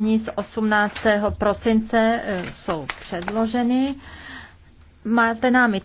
z 18. prosince eh, jsou předloženy. Máte námitky?